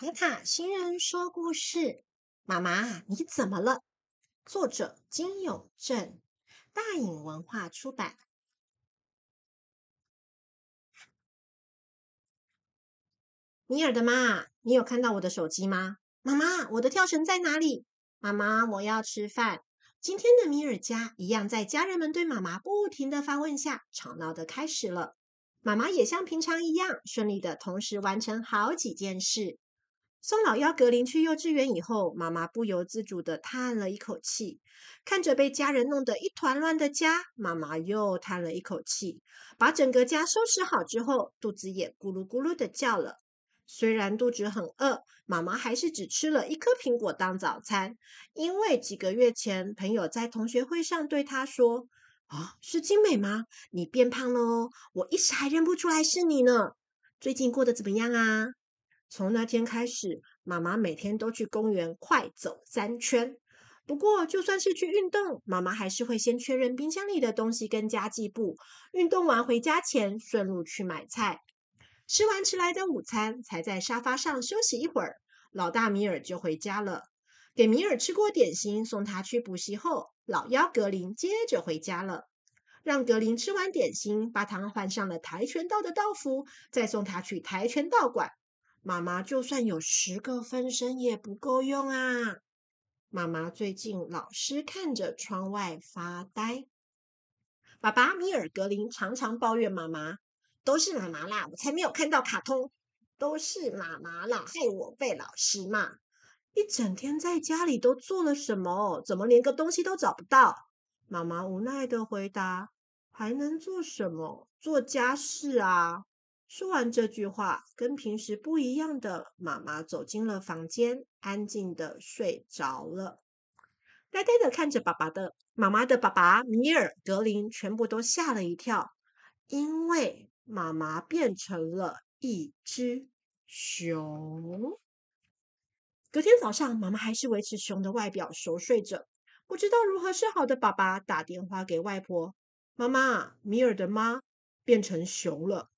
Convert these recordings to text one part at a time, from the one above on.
塔塔星人說故事，媽媽，你怎麼了？作者金永鎮，大穎文化出版。米爾的媽，你有看到我的手機嗎？媽媽，我的跳繩在哪裡？媽媽，我要吃飯。今天的米爾家一樣，在家人們對媽媽不停的發問下，吵鬧的開始了。媽媽也像平常一樣，順利的同時完成好幾件事。送老幺格林去幼稚園以後，媽媽不由自主地嘆了一口氣，看着被家人弄得一團亂的家，媽媽又嘆了一口氣。把整個家收拾好之後，肚子也咕嚕咕嚕地叫了。雖然肚子很餓，媽媽還是只吃了一顆蘋果當早餐，因為幾個月前朋友在同學會上對她說：“啊，是精美嗎？你變胖了哦，我一時還認不出來是你呢。最近過得怎麼樣啊？”從那天開始，媽媽每天都去公園快走三圈。不過，就算是去運動，媽媽還是會先確認冰箱裡的東西跟家計簿。運動完回家前，順路去買菜，吃完遲來的午餐，才在沙發上休息一會兒。老大米爾就回家了，給米爾吃過點心，送他去補習後，老幺格林接着回家了，讓格林吃完點心，把他換上了跆拳道的道服，再送他去跆拳道館。媽媽就算有十個分身也不夠用啊！媽媽最近老是看着窗外發呆。爸爸、米爾、格林常常抱怨媽媽：“都是媽媽啦，我才沒有看到卡通，都是媽媽啦，害我被老師罵。一整天在家裡都做了什麼？怎麼連個東西都找不到？”媽媽無奈的回答：“還能做什麼？做家事啊。”說完這句話，跟平時不一樣的媽媽走進了房間，安靜的睡着了，呆呆的看着爸爸的，媽媽的爸爸，米爾，格林，全部都嚇了一跳，因為媽媽變成了一隻熊。隔天早上，媽媽還是維持熊的外表，熟睡着。不知道如何是好的爸爸打電話給外婆，媽媽，米爾的媽變成熊了。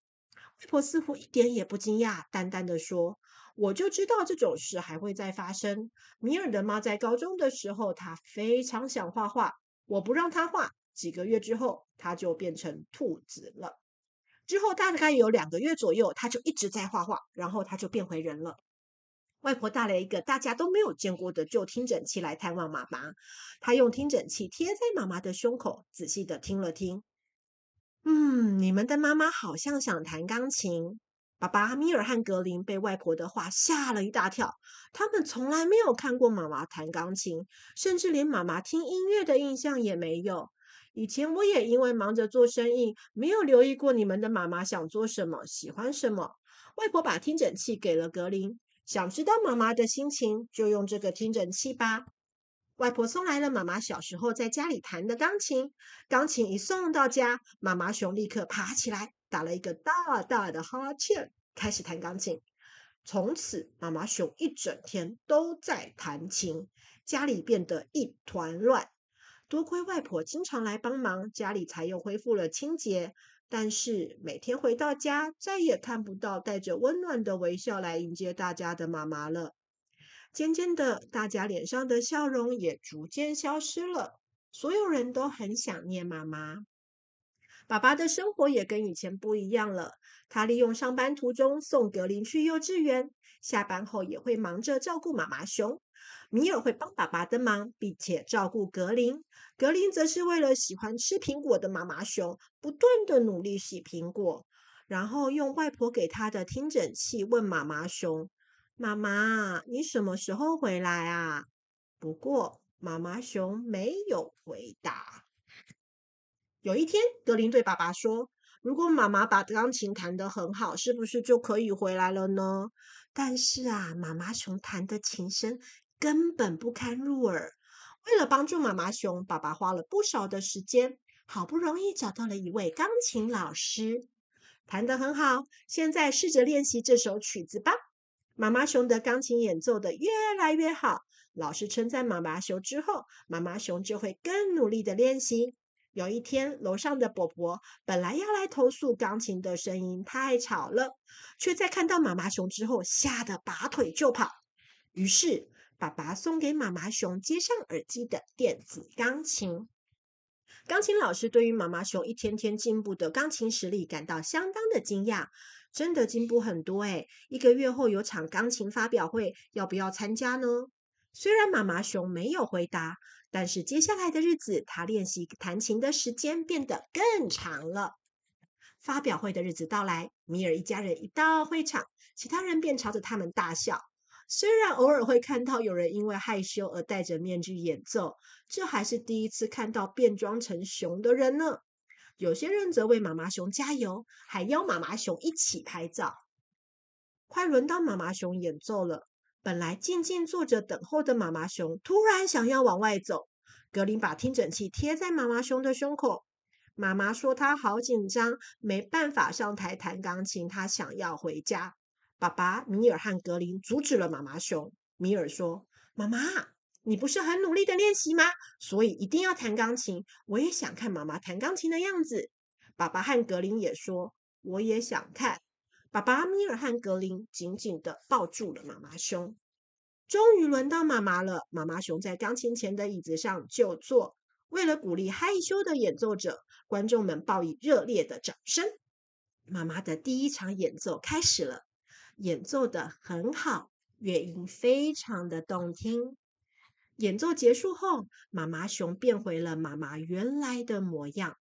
外婆似乎一點也不驚訝，淡淡的說：“我就知道這種事還會再發生。米爾的媽在高中的時候，她非常想畫畫，我不讓她畫。幾個月之後，她就變成兔子了。之後大概有兩個月左右，她就一直在畫畫，然後她就變回人了。”外婆帶了一個大家都沒有見過的舊聽診器來探望媽媽，她用聽診器貼在媽媽的胸口，仔細的聽了聽。嗯，你們的媽媽好像想彈鋼琴。爸爸米爾和格林被外婆的話嚇了一大跳。他們從來沒有看過媽媽彈鋼琴，甚至連媽媽聽音樂的印象也沒有。以前我也因為忙着做生意，沒有留意過你們的媽媽想做什麼、喜歡什麼。外婆把聽診器給了格林，想知道媽媽的心情，就用這個聽診器吧。外婆送來了媽媽小時候在家裡彈的鋼琴，鋼琴一送到家，媽媽熊立刻爬起來，打了一個大大的哈欠，開始彈鋼琴。從此，媽媽熊一整天都在彈琴，家裡變得一團亂。多虧外婆經常來幫忙，家裡才又恢復了清潔。但是，每天回到家，再也看不到帶着溫暖的微笑來迎接大家的媽媽了。漸漸的，大家臉上的笑容也逐漸消失了。所有人都很想念媽媽。爸爸的生活也跟以前不一樣了。他利用上班途中送格林去幼稚園，下班後也會忙着照顧媽媽熊。米爾會幫爸爸的忙，並且照顧格林。格林則是為了喜歡吃蘋果的媽媽熊，不斷的努力洗蘋果，然後用外婆給他的聽診器問媽媽熊。媽媽，你什麼時候回來啊？不過，媽媽熊沒有回答。有一天，格林對爸爸說：“如果媽媽把鋼琴彈得很好，是不是就可以回來了呢？”但是啊，媽媽熊彈的琴聲根本不堪入耳。為了幫助媽媽熊，爸爸花了不少的時間，好不容易找到了一位鋼琴老師。彈得很好，現在試着練習這首曲子吧。媽媽熊的鋼琴演奏得越來越好，老師稱讚媽媽熊之後，媽媽熊就會更努力的練習。有一天，樓上的伯伯本來要來投訴鋼琴的聲音太吵了，卻在看到媽媽熊之後，嚇得拔腿就跑。於是，爸爸送給媽媽熊接上耳機的電子鋼琴。鋼琴老師對於媽媽熊一天天進步的鋼琴實力感到相當的驚訝。真的進步很多誒、欸、一個月後有場鋼琴發表會，要不要參加呢？雖然媽媽熊沒有回答，但是接下來的日子，她練習彈琴的時間變得更長了。發表會的日子到來，米爾一家人一到會場，其他人便朝着他們大笑。雖然偶爾會看到有人因為害羞而戴着面具演奏，這還是第一次看到變裝成熊的人呢！有些人則為媽媽熊加油，還邀媽媽熊一起拍照。快輪到媽媽熊演奏了，本來靜靜坐着等候的媽媽熊突然想要往外走。格林把聽診器貼在媽媽熊的胸口。媽媽說她好緊張，沒辦法上台彈鋼琴，她想要回家。爸爸、米爾和格林阻止了媽媽熊。米爾說：“媽媽。”你不是很努力的練習嗎？所以一定要彈鋼琴。我也想看媽媽彈鋼琴的樣子。爸爸和格林也說，我也想看。爸爸米爾和格林緊緊的抱住了媽媽熊。終於輪到媽媽了。媽媽熊在鋼琴前的椅子上就坐。為了鼓勵害羞的演奏者，觀眾們報以熱烈的掌聲。媽媽的第一場演奏開始了，演奏的很好，樂音非常的動聽。演奏結束後，媽媽熊變回了媽媽原來的模樣。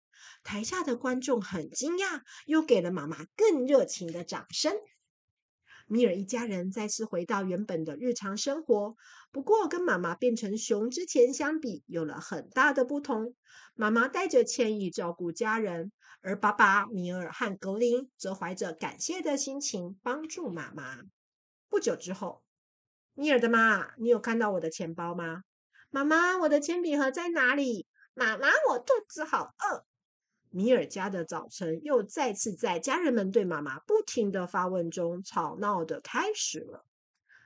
台下的觀眾很驚訝，又給了媽媽更熱情的掌聲。米爾一家人再次回到原本的日常生活，不過跟媽媽變成熊之前相比，有了很大的不同。媽媽帶着歉意照顧家人，而爸爸米爾和格林則懷着感謝的心情幫助媽媽。不久之後，米爾的媽，你有看到我的錢包嗎？媽媽，我的鉛筆盒在哪裡？媽媽，我肚子好餓。米爾家的早晨又再次在家人們對媽媽不停的發問中吵鬧的開始了。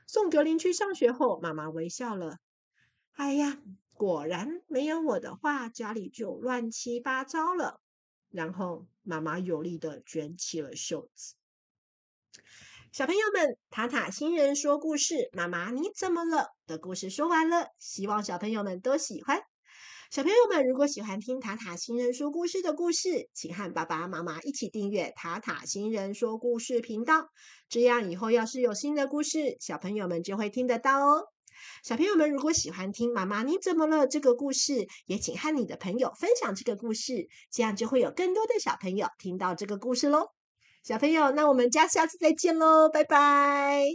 送格林去上學後，媽媽微笑了。哎呀，果然沒有我的話，家裡就亂七八糟了。然後媽媽有力的捲起了袖子。小朋友們，塔塔星人說故事，《媽媽，你怎麼了》的故事說完了，希望小朋友們都喜歡。小朋友們，如果喜歡聽塔塔星人說故事的故事，請和爸爸媽媽一起訂閱塔塔星人說故事頻道，這樣以後要是有新的故事，小朋友們就會聽得到哦。小朋友們，如果喜歡聽《媽媽，你怎麼了》這個故事，也請和你的朋友分享這個故事，這樣就會有更多的小朋友聽到這個故事嘍。小朋友，那我們家下次再見嘍，拜拜。